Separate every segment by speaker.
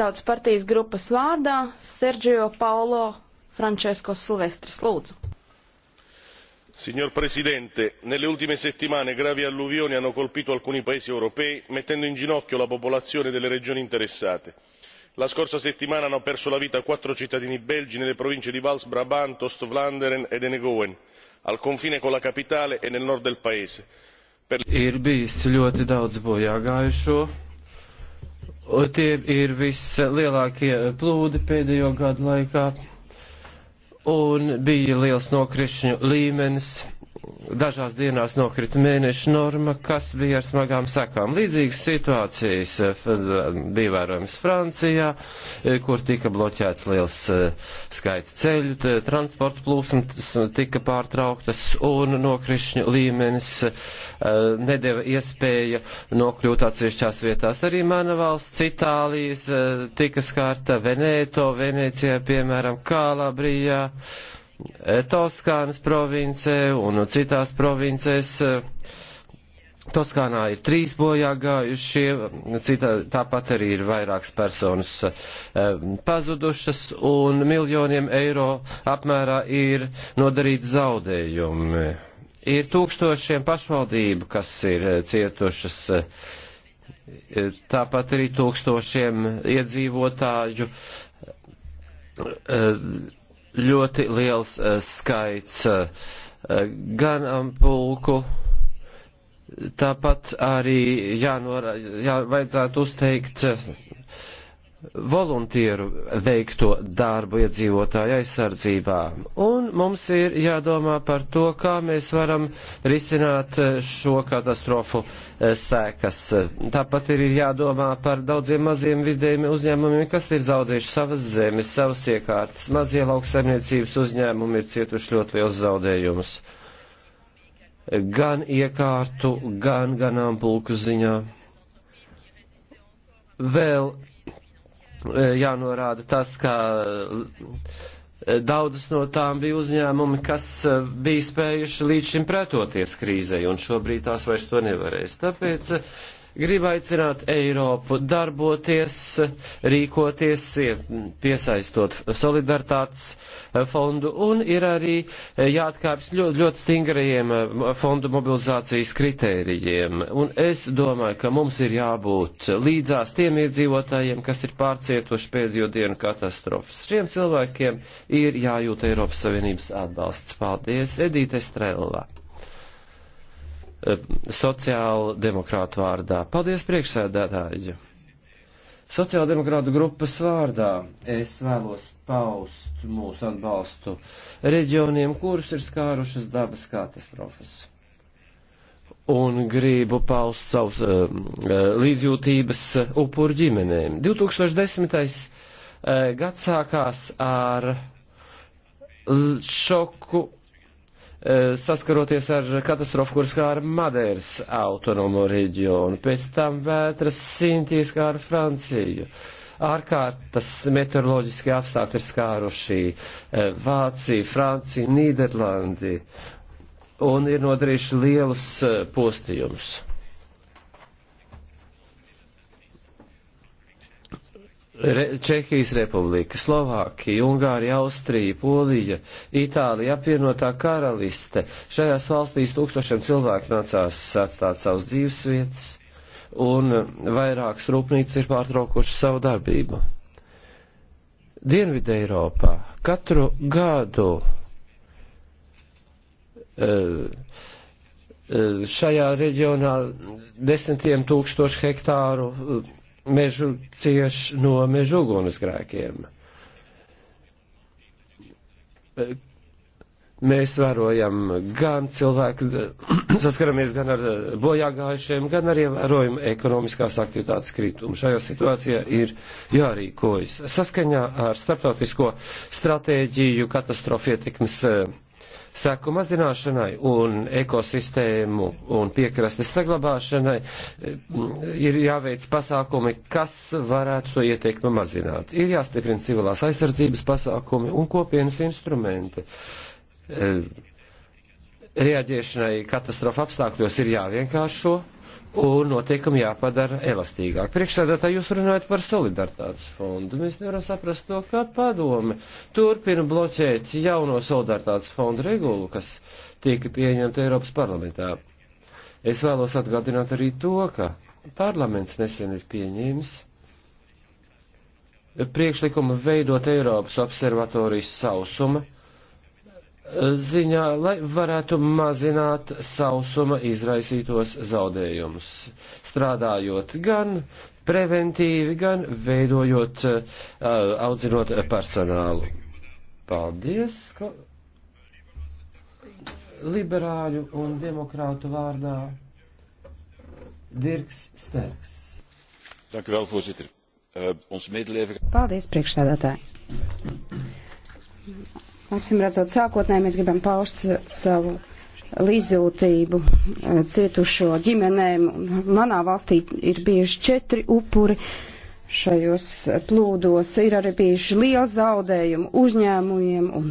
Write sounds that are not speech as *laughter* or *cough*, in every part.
Speaker 1: Tautas partijas grupas vārdā Sergio Paulo Francesco Silvestris. Lūdzu.
Speaker 2: Signor Presidente, nelle ultime settimane gravi alluvioni hanno colpito alcuni paesi europei, mettendo in ginocchio la popolazione delle regioni interessate la scorsa settimana hanno perso la vita quattro cittadini belgi nelle province di vals brabant oost vlaanderen ed enegowen al confine con la capitale e nel nord del paese.
Speaker 3: Ir bijis ļoti daudz bojāgājušo, Un tie ir vislielākie plūdi pēdējo gadu laikā. Un bija liels nokrišņu līmenis dažās dienās nokrita mēneša norma, kas bija ar smagām sakām. Līdzīgas situācijas eh, bija vērojams Francijā, eh, kur tika bloķēts liels eh, skaits ceļu, transporta plūsmas tika pārtrauktas un nokrišņu līmenis nedēva iespēja nokļūt atsevišķās vietās. Arī mana valsts, Itālijas, tika skārta Veneto, Venecijā, piemēram, Kālabrijā. Toskānas provincē un citās provincēs. Toskānā ir trīs bojā gājušie, citā, tāpat arī ir vairākas personas eh, pazudušas un miljoniem eiro apmērā ir nodarīti zaudējumi. Ir tūkstošiem pašvaldību, kas ir eh, cietušas eh, tāpat arī tūkstošiem iedzīvotāju ļoti liels eh, skaits eh, ganāmpulku. Tāpat arī jānora, jā, vajadzētu uzteikt eh, voluntieru veikto darbu iedzīvotāju aizsardzībā. Un un mums ir jādomā par to, kā mēs varam risināt eh, šo katastrofu eh, sēkas. Tāpat ir jādomā par daudziem maziem vidējiem uzņēmumiem, kas ir zaudējuši savas zemes, savas iekārtas. Mazie lauksaimniecības uzņēmumi ir cietuši ļoti liels zaudējumus. Gan iekārtu, gan ganāmpulku ziņā. Vēl eh, jānorāda tas, ka Eh, daudzas no tām bija uzņēmumi, kas eh, bija spējuši līdz šim pretoties krīzei, un šobrīd tās vairs to nevarēs. Tāpēc eh, grib aicināt Eiropu darboties, rīkoties, piesaistot solidaritātes fondu, un ir arī jāatkāpjas ļoti, ļoti stingrajiem fondu mobilizācijas kritērijiem. Un es domāju, ka mums ir jābūt līdzās tiem iedzīvotājiem, kas ir pārcietuši pēdējo dienu katastrofas. Šiem cilvēkiem ir jājūt Eiropas Savienības atbalsts. Paldies, Edīte Strēlā. Eh, sociāla demokrāta vārdā. Paldies priekšsēdētāji! Sociāldemokrātu grupas vārdā es vēlos paust mūsu atbalstu reģioniem, kurus ir skārušas dabas katastrofas. Un gribu paust savus uh, līdzjūtības upuru ģimenēm. 2010. gads sākās ar šoku Eh, saskaroties ar katastrofu, kuras kā ar Madeiras autonomo reģionu, pēc tam vētras Sintīs kā ar Franciju. Ārkārtas meteoroloģiskie apstākļi ir skāruši eh, Vāciju, Franciju, Nīderlandi un ir nodarījuši lielus eh, postījumus. Re, Čehijas republika, Slovākija, Ungārija, Austrija, Polija, Itālija, apvienotā karaliste. Šajās valstīs tūkstošiem cilvēku nācās atstāt savus dzīves vietas, un vairākas rūpnīcas ir pārtraukušas savu darbību. Dienvidē Eiropā katru gadu uh, šajā reģionā desmitiem tūkstošu hektāru uh, mežu cieš no mežu ugunsgrēkiem. Mēs varojam gan cilvēku, *clears throat* saskaramies gan ar bojāgājušiem, gan ar ievērojumu ekonomiskās aktivitātes kritumu. Šajā situācijā ir jārīkojas saskaņā ar starptautisko stratēģiju katastrofu ietekmes uh, seku mazināšanai un ekosistēmu un piekrastes saglabāšanai eh, ir jāveic pasākumi, kas varētu to ieteikumu mazināt. Ir jāstiprina civilās aizsardzības pasākumi un kopienas instrumenti. E, reaģēšanai katastrofa apstākļos ir jāvienkāršo un noteikumi jāpadara elastīgāk. Priekšsēdētāji, jūs runājat par solidaritātes fondu. Mēs nevaram saprast to, kā padome turpina bloķēt jauno solidaritātes fondu regulu, kas tika pieņemta Eiropas parlamentā. Es vēlos atgādināt arī to, ka parlaments nesen ir pieņēmis priekšlikumu veidot Eiropas observatorijas sausuma ziņā, lai varētu mazināt sausuma izraisītos zaudējumus, strādājot gan preventīvi, gan veidojot, audzinot personālu. Paldies! Ko... Liberāļu un demokrātu vārdā Dirks Sterks. Dank u wel, voorzitter.
Speaker 2: Uh, ons medeleven. Paldies, priekšstādātāji Acīm redzot, sākotnēji mēs gribam paust savu līdzjūtību eh, cietušo ģimenēm. Manā valstī ir bijuši četri upuri šajos plūdos. Ir arī bijuši liela zaudējuma uzņēmumiem un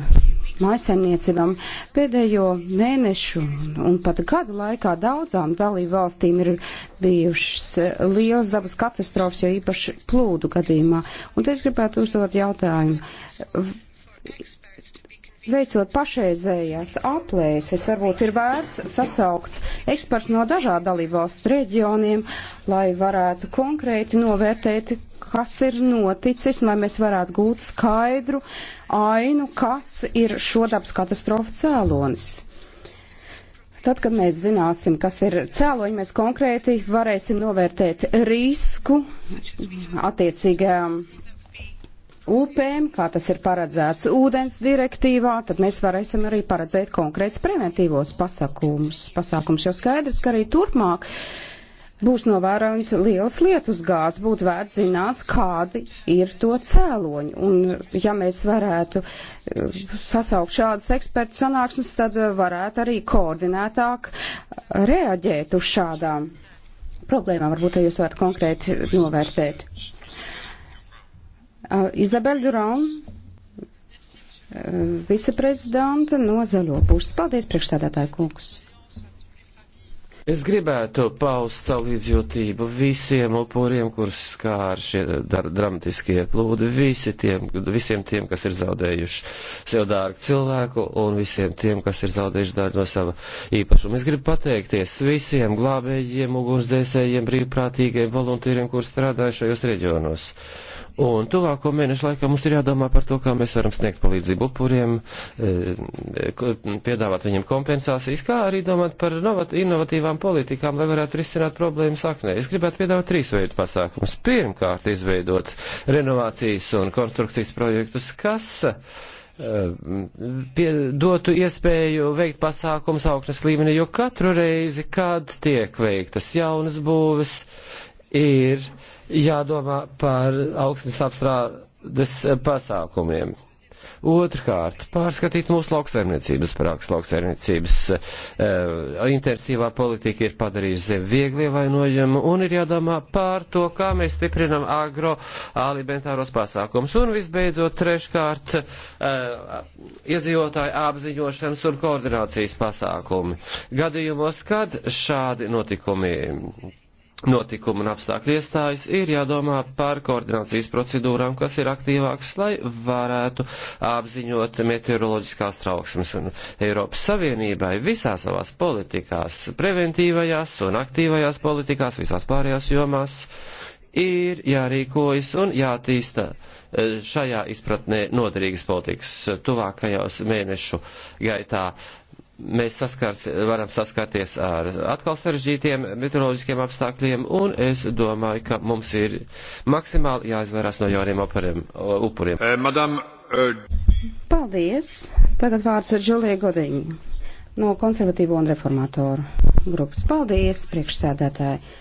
Speaker 2: mājasemniecībām. Pēdējo mēnešu un pat gadu laikā daudzām dalību valstīm ir bijušas eh, liels dabas katastrofas, jo īpaši plūdu gadījumā. Un te es gribētu uzdot jautājumu veicot pašreizējās aplēses, varbūt ir vērts sasaukt eksperts no dažādu dalībvalstu reģioniem, lai varētu konkrēti novērtēt, kas ir noticis, un lai mēs varētu gūt skaidru ainu, kas ir šodabas katastrofa cēlonis. Tad, kad mēs zināsim, kas ir cēloņi, mēs konkrēti varēsim novērtēt risku attiecīgajām upēm, kā tas ir paredzēts ūdens direktīvā, tad mēs varēsim arī paredzēt konkrēts preventīvos pasākums. Pasākums jau skaidrs, ka arī turpmāk būs novērojams liels lietus gāzes, būtu vērts zināt, kādi ir to cēloņi. Un ja mēs varētu eh, sasaukt šādas ekspertu sanāksmes, tad varētu arī koordinētāk reaģēt uz šādām problēmām. Varbūt jūs varat konkrēti novērtēt. Uh, Izabela Durāna, uh, viceprezidenta no zaļo puses. Paldies, priekšstādātāja kungs!
Speaker 3: Es gribētu paust savu līdzjūtību visiem upuriem, kurus skār šie dramatiskie plūdi, visi tiem, visiem tiem, kas ir zaudējuši sev dārgu cilvēku un visiem tiem, kas ir zaudējuši daļu no sava īpašuma. Es gribu pateikties visiem glābējiem, ugunsdzēsējiem, brīvprātīgiem volontieriem, kur strādāja šajos reģionos. Un tuvāko mēnešu laikā mums ir jādomā par to, kā mēs varam sniegt palīdzību upuriem, eh, eh, piedāvāt viņiem kompensācijas, kā arī domāt par inovatīvām konkrētām politikām, lai varētu risināt problēmas aknē. Es gribētu piedāvāt trīs veidu pasākumus. Pirmkārt, izveidot renovācijas un konstrukcijas projektus, kas eh, pie, dotu iespēju veikt pasākums augšas līmenī, jo katru reizi, kad tiek veiktas jaunas būves, ir jādomā par augstnes apstrādes pasākumiem. Otrkārt, pārskatīt mūsu lauksaimniecības prāks. Lauksaimniecības uh, intensīvā politika ir padarījusi zemi viegli ievainojumu un ir jādomā pār to, kā mēs stiprinam agro alimentāros pasākums. Un visbeidzot, treškārt, uh, iedzīvotāju apziņošanas un koordinācijas pasākumi. Gadījumos, kad šādi notikumi notikumu un apstākļu iestājas, ir jādomā par koordinācijas procedūrām, kas ir aktīvākas, lai varētu apziņot meteoroloģiskās trauksmes. Un Eiropas Savienībai visās savās politikās, preventīvajās un aktīvajās politikās, visās pārējās jomās, ir jārīkojas un jātīsta e, šajā izpratnē noderīgas politikas tuvākajos mēnešu gaitā mēs saskars, varam saskarties ar atkal sarežģītiem meteoroloģiskiem apstākļiem, un es domāju, ka mums ir maksimāli jāizvairās no jauniem operiem, upuriem. E, madam, e...
Speaker 2: Paldies! Tagad vārds ir Žulija Godiņa no konservatīvo un reformatoru grupas. Paldies, priekšsēdētāji!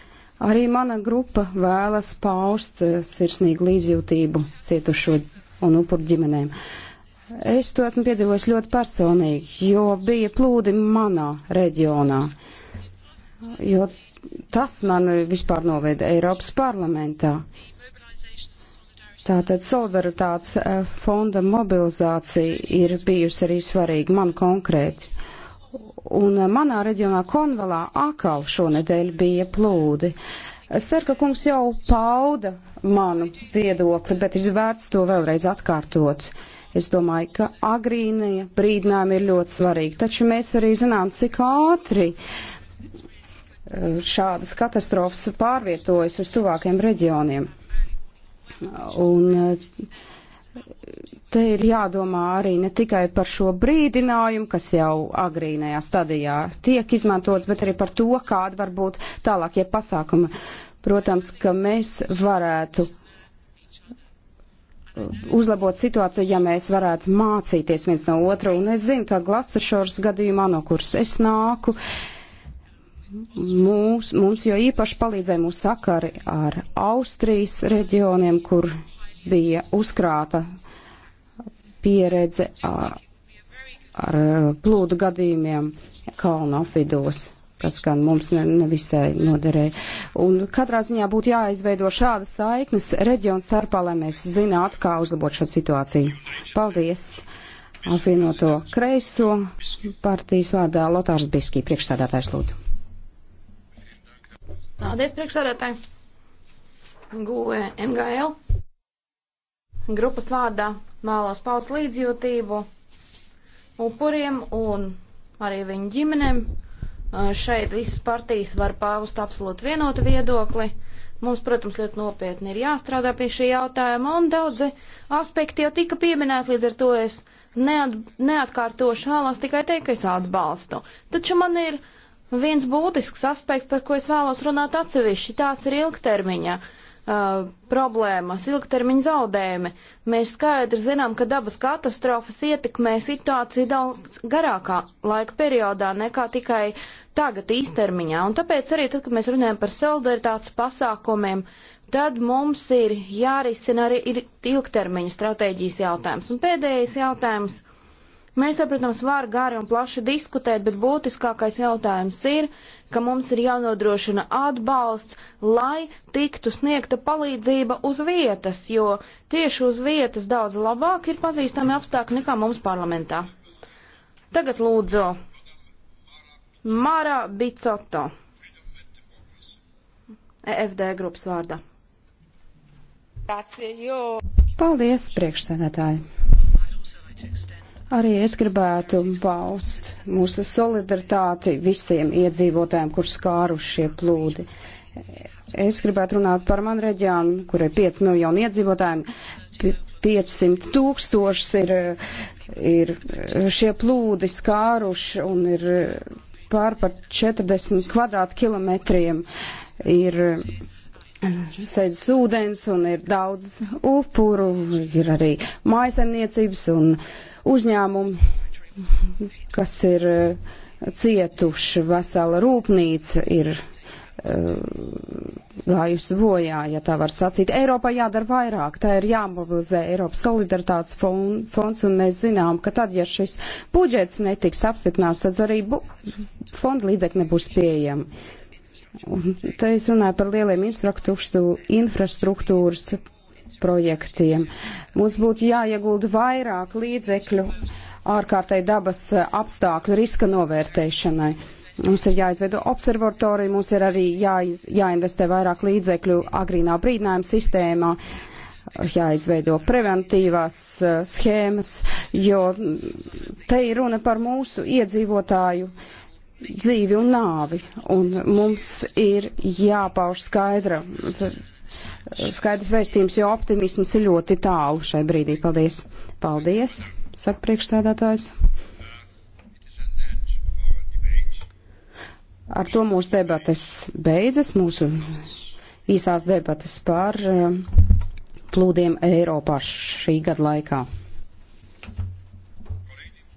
Speaker 2: Arī mana grupa vēlas paust eh, sirsnīgu līdzjūtību cietušo un upuru ģimenēm. Uh, Es to esmu piedzīvojis ļoti personīgi, jo bija plūdi manā reģionā. Jo tas man vispār noveda Eiropas parlamentā. Tātad solidaritātes eh, fonda mobilizācija ir bijusi arī svarīga man konkrēti. Un eh, manā reģionā Konvalā atkal šonedēļ bija plūdi. Serka kungs jau pauda manu viedokli, bet ir vērts to vēlreiz atkārtot. Uh, Es domāju, ka agrīnie brīdinājumi ir ļoti svarīgi, taču mēs arī zinām, cik ātri eh, šādas katastrofas pārvietojas uz tuvākiem reģioniem. Un eh, te ir jādomā arī ne tikai par šo brīdinājumu, kas jau agrīnajā stadijā tiek izmantots, bet arī par to, kāda var būt tālākie pasākumi. Protams, ka mēs varētu uzlabot situāciju, ja mēs varētu mācīties viens no otra. Un es zinu, ka Glastašors gadījumā, no kuras es nāku, mums, mums jo īpaši palīdzēja mūsu sakari ar Austrijas reģioniem, kur bija uzkrāta pieredze ar, ar plūdu gadījumiem kalnu apvidos kas gan mums ne, nevisai noderēja. Un katrā ziņā būtu jāizveido šādas saiknes reģionu starpā, lai mēs zinātu, kā uzlabot šo situāciju. Paldies! Apvienoto kreiso partijas vārdā Lotārs Biskī, priekšsādātājs lūdzu.
Speaker 1: Paldies, priekšsādātāji! GUE NGL grupas vārdā vēlos paust līdzjūtību upuriem un arī viņu ģimenēm. Šeit visas partijas var paust absolūti vienotu viedokli. Mums, protams, ļoti nopietni ir jāstrādā pie šī jautājuma, un daudzi aspekti jau tika pieminēti, līdz ar to es neat, neatkārtošu vēlos tikai teikt, ka es atbalstu. Taču man ir viens būtisks aspekts, par ko es vēlos runāt atsevišķi, tās ir ilgtermiņa uh, uh, problēmas, ilgtermiņa zaudējumi. Mēs skaidri zinām, ka dabas katastrofas ietekmē situāciju daudz garākā laika periodā nekā tikai tagad īstermiņā. Un tāpēc arī tad, kad mēs runājam par solidaritātes pasākumiem, tad mums ir jārisina arī ilgtermiņa stratēģijas jautājums. Un pēdējais jautājums Mēs, protams, varam gari un plaši diskutēt, bet būtiskākais jautājums ir, ka mums ir jānodrošina atbalsts, lai tiktu sniegta palīdzība uz vietas, jo tieši uz vietas daudz labāk ir pazīstami apstākļi nekā mums parlamentā. Tagad lūdzu Mara Bicotto, EFD grupas vārdā.
Speaker 2: Paldies, priekšsēdētāji! Arī es gribētu paust mūsu solidaritāti visiem iedzīvotājiem, kurus skāruši šie plūdi. Es gribētu runāt par manu reģionu, kur ir 5 miljoni iedzīvotāji, 500 tūkstoši ir, ir šie plūdi skāruši un ir pār par 40 kvadrātkilometriem ir sēdzas ūdens un ir daudz upuru, ir arī mājasemniecības un uh, uzņēmumi, kas ir eh, cietuši, vesela rūpnīca ir eh, gājusi bojā, ja tā var sacīt. Eiropā jādara vairāk, tā ir jāmobilizē Eiropas solidaritātes fonds, un mēs zinām, ka tad, ja šis budžets netiks apstiprināts, tad arī fonda līdzekļi nebūs pieejami. Un te es runāju par lieliem infrastruktūras projektiem. Mums būtu jāiegulda vairāk līdzekļu ārkārtēji dabas eh, apstākļu riska novērtēšanai. Mums ir jāizveido observatorija, mums ir arī jāiz, jāinvestē vairāk līdzekļu agrīnā brīdinājuma sistēmā, jāizveido preventīvās uh, schēmas, jo mm, te ir runa par mūsu iedzīvotāju dzīvi un nāvi, un mums ir jāpauž skaidra skaidrs vēstījums, jo optimisms ir ļoti tālu šai brīdī. Paldies! Paldies, saka priekšsēdētājs. Ar to mūsu debates beidzas, mūsu īsās debates par eh, plūdiem Eiropā šī gada laikā.